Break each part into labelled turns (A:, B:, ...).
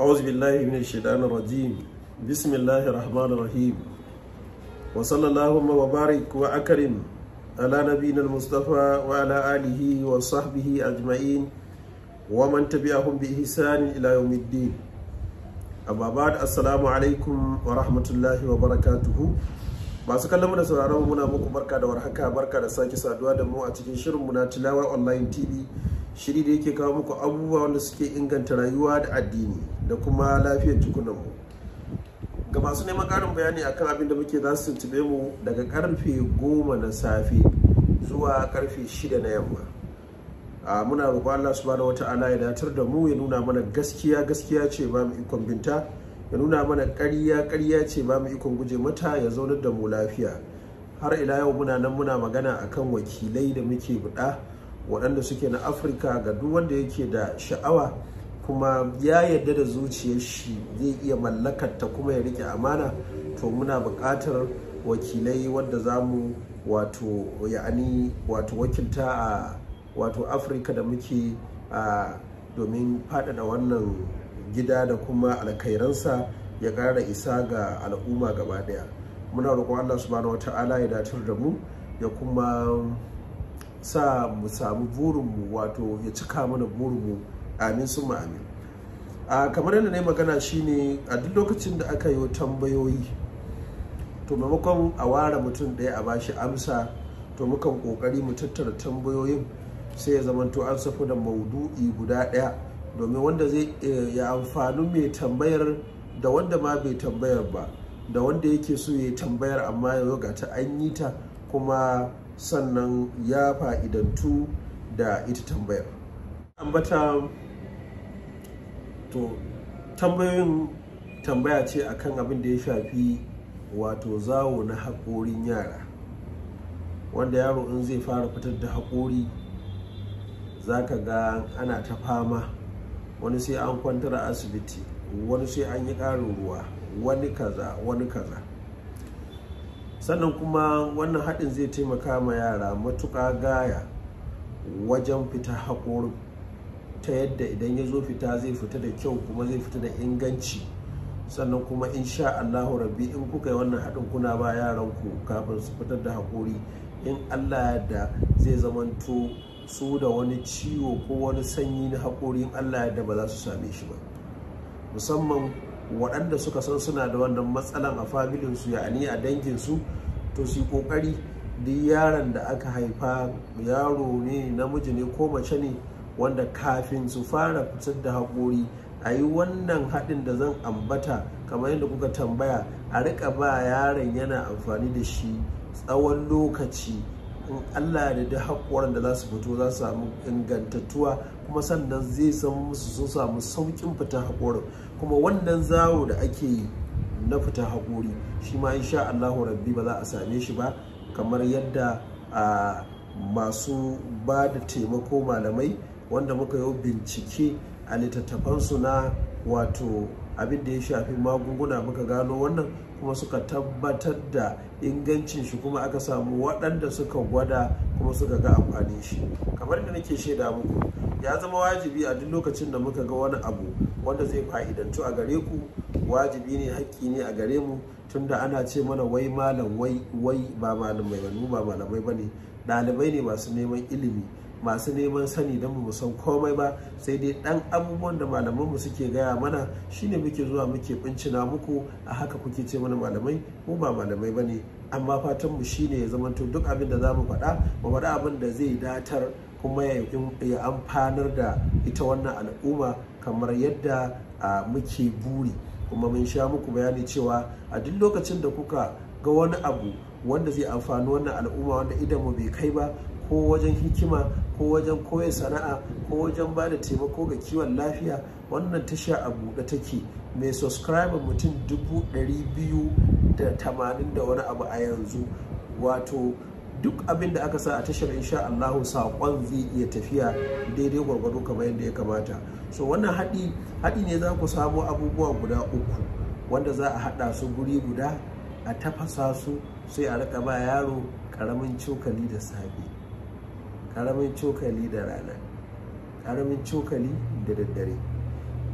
A: أعوذ بالله من الشيطان الرجيم بسم الله الرحمن الرحيم وصلى اللهم وبارك وأكرم على نبينا المصطفى وعلى آله وصحبه أجمعين ومن تبعهم بإحسان إلى يوم الدين amma ba da assalamu alaikum wa rahmatullahi wa barakatuhu masu kallon da sauraron muna muku barka da warhaka barka da sake saduwa da mu a cikin shirin mu na tilawa online tv shiri da yake kawo muku abubuwa wanda suke inganta rayuwa da addini da kuma lafiyar jikunanmu ga masu neman karin bayani akan abin da muke za su tuntube mu daga karfe goma na safe zuwa karfe shida na yamma a muna roƙon Allah subhanahu wata'ala ya datar da mu ya nuna mana gaskiya gaskiya ce ba mu ikon binta ya nuna mana ƙarya ƙarya ce ba mu ikon guje mata ya zaunar da mu lafiya har ila yau muna nan muna magana akan wakilai da muke buɗa waɗanda suke na afirka ga duk wanda yake da sha'awa kuma ya yarda da zuciyar shi zai iya mallakar ta kuma ya rike amana to muna buƙatar wakilai wanda za mu wato ya'ani wato wakilta a wato afirka da muke a domin faɗaɗa wannan gida da kuma alkairansa ya ƙara isa ga al'umma gaba ɗaya muna roƙon allah subhanahu ta'ala ya datar da mu ya kuma sa mu samu burinmu wato ya cika mana burinmu amin su amin a kamar yadda na yi magana shine a duk lokacin da aka yi tambayoyi to maimakon a ware mutum ɗaya a bashi amsa to mukan ƙoƙari mu tattara tambayoyin sai ya zamanto an safi da maudu'i guda ɗaya domin wanda zai eh, ya amfani mai tambayar da wanda ma bai tambayar ba da wanda yake so ya tambayar amma yau ga ta an yi ta kuma sannan ya fa'idantu da ita tambayar ambata to tambayoyin tambaya ce akan abin da ya shafi wato zawo na haƙorin yara wanda yaro in zai fara fitar da haƙori za ka ga ana ta fama wani sai an kwantar a asibiti wani sai an yi ƙarin ruwa wani kaza wani kaza sannan kuma wannan haɗin zai taimaka ma yara matuƙa gaya wajen fita haƙorin ta yadda idan ya zo fita zai fita da kyau kuma zai fita da inganci sannan kuma insha Allahu rabbi in kuka yi wannan haɗin kuna ba yaranku kafin su fitar da haƙori in Allah yadda zai zamanto su da wani ciwo ko wani sanyi na haƙori in Allah yadda ba za su same shi ba musamman waɗanda suka san suna da wannan matsalan a familinsu su yani a danginsu to su kokari duk yaron da aka haifa yaro ne namiji ne ko mace ne wanda kafin su fara fitar da haƙori a yi wannan haɗin da zan ambata kamar yadda kuka tambaya a rika ba yaron yana amfani da shi tsawon lokaci in allah da haƙoran da za su fito za su samu ingantattuwa kuma sannan zai san musu sun samu saukin fita haƙorin kuma wannan zawo da ake yi na fita haƙori shi ma insha Allahu rabbi ba za a same shi ba kamar yadda a masu ba da taimako malamai wanda muka yi bincike a littattafansu na wato abin da ya shafi magunguna muka gano wannan kuma suka tabbatar da ingancin shi kuma aka samu waɗanda suka gwada kuma suka ga amfanin shi kamar da nake shaida muku ya zama wajibi a duk lokacin da muka ga wani abu wanda zai fa'idantu a gare ku wajibi ne hakki ne a gare mu tunda ana ce mana wai malam wai wai ba malamai ba ba malamai bane ɗalibai ne masu neman ilimi masu neman sani don mu san komai ba sai dai dan abubuwan da malamanmu suke gaya mana shine muke zuwa muke bincina muku a haka kuke ce mana malamai mu ba malamai bane ne amma mu shine ya zamanto duk abin da za mu faɗa mu faɗa abin da zai datar kuma ya amfanar da ita wannan al'umma kamar yadda muke buri kuma mun sha muku bayani cewa a duk lokacin da kuka ga wani abu wanda zai amfani wannan al'umma wanda idan mu bai kai ba ko wajen hikima ko wajen koya sana'a ko wajen ba da taimako ga kiwon lafiya wannan tasha a buɗe take mai subscriber mutum dubu ɗari biyu da tamanin da wani abu a yanzu wato duk abin da aka sa a tashar insha Allah saƙon zai iya tafiya daidai gwargwado kamar yadda ya kamata so wannan haɗi haɗi ne za ku samu abubuwa guda uku wanda za a haɗa su guri guda a tafasa su sai a rika ba yaro ƙaramin cokali da safe ƙaramin cokali da rana ƙaramin cokali da daddare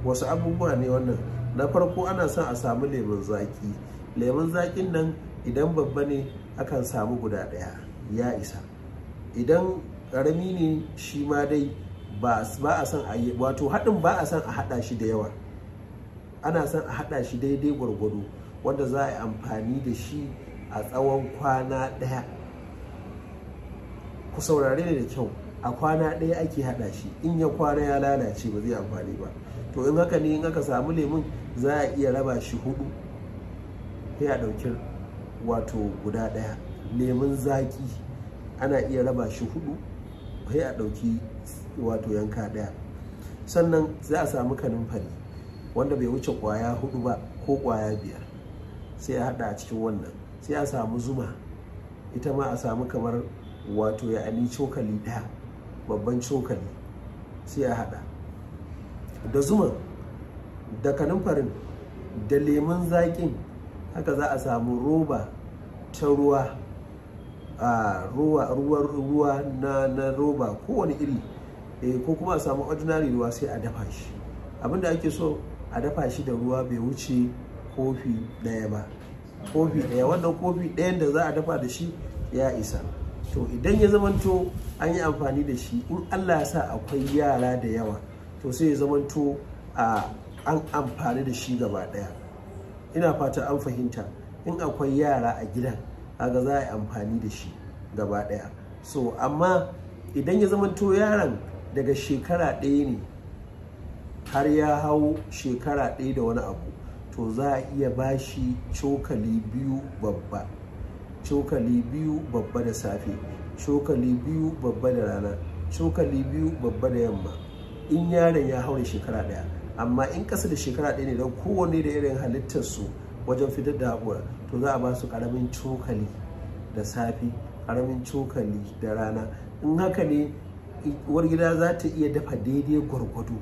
A: wasu abubuwa ne wannan na farko ana son a samu lemun zaƙi lemun zaƙin nan idan babba ne akan samu guda ɗaya ya isa idan ƙarami ne shi ma dai ba a son a yi wato haɗin ba a son a haɗa shi da yawa ana san a haɗa shi daidai gwargwado wanda za a yi amfani da shi a tsawon kwana ɗaya ku saurare ne da kyau a kwana ɗaya ake haɗa shi in ya kwana ya lalace ba zai amfani ba to in haka ne in aka samu lemun za a iya raba shi hudu ya a ɗauki wato guda ɗaya lemun zaƙi ana iya raba shi hudu sai a ɗauki wato yanka ɗaya sannan za a samu fari wanda bai wuce kwaya hudu ba ko ƙwaya biyar sai a haɗa a cikin wannan sai a samu zuma ita ma a samu kamar wato ya ani cokali ɗaya babban cokali sai a haɗa da zuman da farin da lemun zaƙin haka za a samu roba ta ruwa a ruwa ruwan ruwa na, na roba kowane iri eh ko kuma a samu ordinary ruwa sai a dafa shi abinda ake so a dafa shi da ruwa bai wuce kofi daya ba kofi daya wannan kofi ɗayan da za a dafa da shi ya isa to idan ya zamanto an yi amfani da shi in allah ya sa akwai yara da yawa to sai ya zamanto a an amfani da shi gaba daya ina fata an fahimta in akwai yara a gidan kaga za a yi amfani da shi gaba ɗaya so amma idan ya zama to yaron daga shekara ɗaya ne har ya hau shekara ɗaya da wani abu to za a iya ba shi cokali biyu babba cokali biyu babba da safe cokali biyu babba da rana cokali biyu babba da yamma in yaron ya hau da shekara ɗaya amma in ƙasa da shekara ɗaya ne don kowane da irin halittarsu wajen fitar da to za a ba su ƙaramin cokali da safi, ƙaramin cokali da rana in haka ne uwar gida za ta iya dafa daidai gwargwado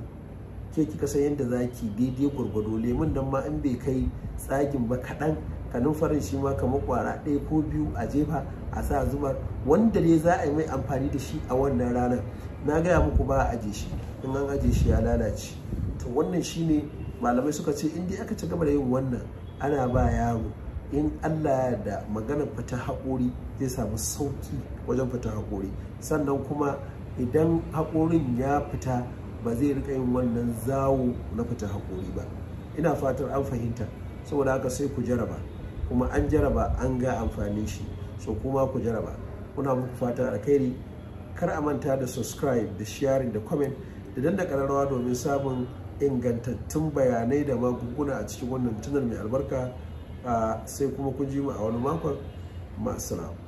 A: ke kika san yadda za ki daidai gwargwado lemun nan ma in bai kai tsagin ba kaɗan kanin farin shi ma kamar kwara ɗaya ko biyu a jefa a sa zuma. wanda ne za a yi mai amfani da shi a wannan ranar na gaya muku ba a aje shi in an aje shi ya lalace to wannan shine malamai suka ce in dai aka ci gaba da yin wannan ana ba yaro in Allah ya da maganar fita haƙori zai samu sauƙi wajen fita haƙori sannan kuma idan haƙorin ya fita ba zai rika yin wannan zawo na fita haƙori ba ina fatan an fahimta saboda haka sai ku jaraba kuma an jaraba an ga amfani shi so kuma ku jaraba kuna muku fatan alkhairi kar a manta da subscribe da sharing da comment da danda ƙararrawa domin sabon. ingantattun bayanai da magunguna a cikin wannan tunar mai albarka sai kuma ku ji mu a wani makon ma'asalamu